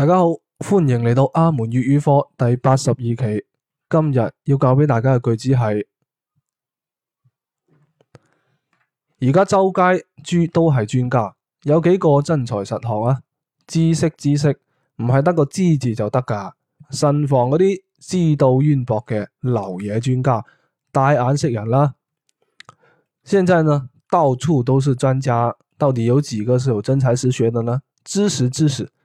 大家好，歡迎嚟到阿門粵語課第八十二期。今日要教俾大家嘅句子係：而家周街豬都係專家，有幾個真才實學啊？知識知識，唔係得個知字就得噶。慎防嗰啲知道淵博嘅流嘢專家，帶眼識人啦。現在呢，到處都是專家，到底有幾個是有真才實學的呢？知識知識。